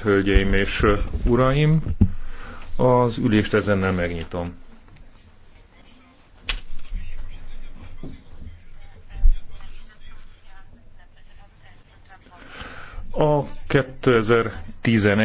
hölgyeim és uraim, az ülést ezennel megnyitom. A 2011